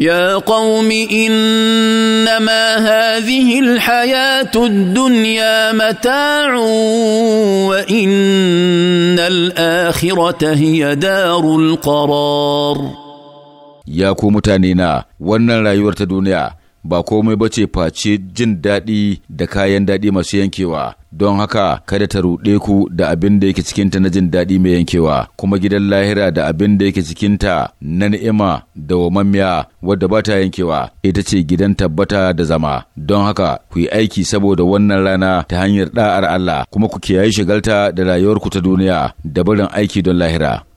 يا قوم انما هذه الحياه الدنيا متاع وان الاخره هي دار القرار يا قوم متانينا wannan rayuwar ta ba komai ba ce face jin daɗi da kayan daɗi masu yankewa don haka kada ta ruɗe ku da abin da yake cikinta na jin daɗi mai yankewa kuma gidan lahira da abin da yake cikinta na ni'ima da wamammiya wadda ba ta yankewa ita ce gidan tabbata da zama don haka ku yi aiki saboda wannan rana ta hanyar ɗa'ar Allah kuma ku kiyaye shigalta da rayuwarku ta duniya da barin aiki don lahira.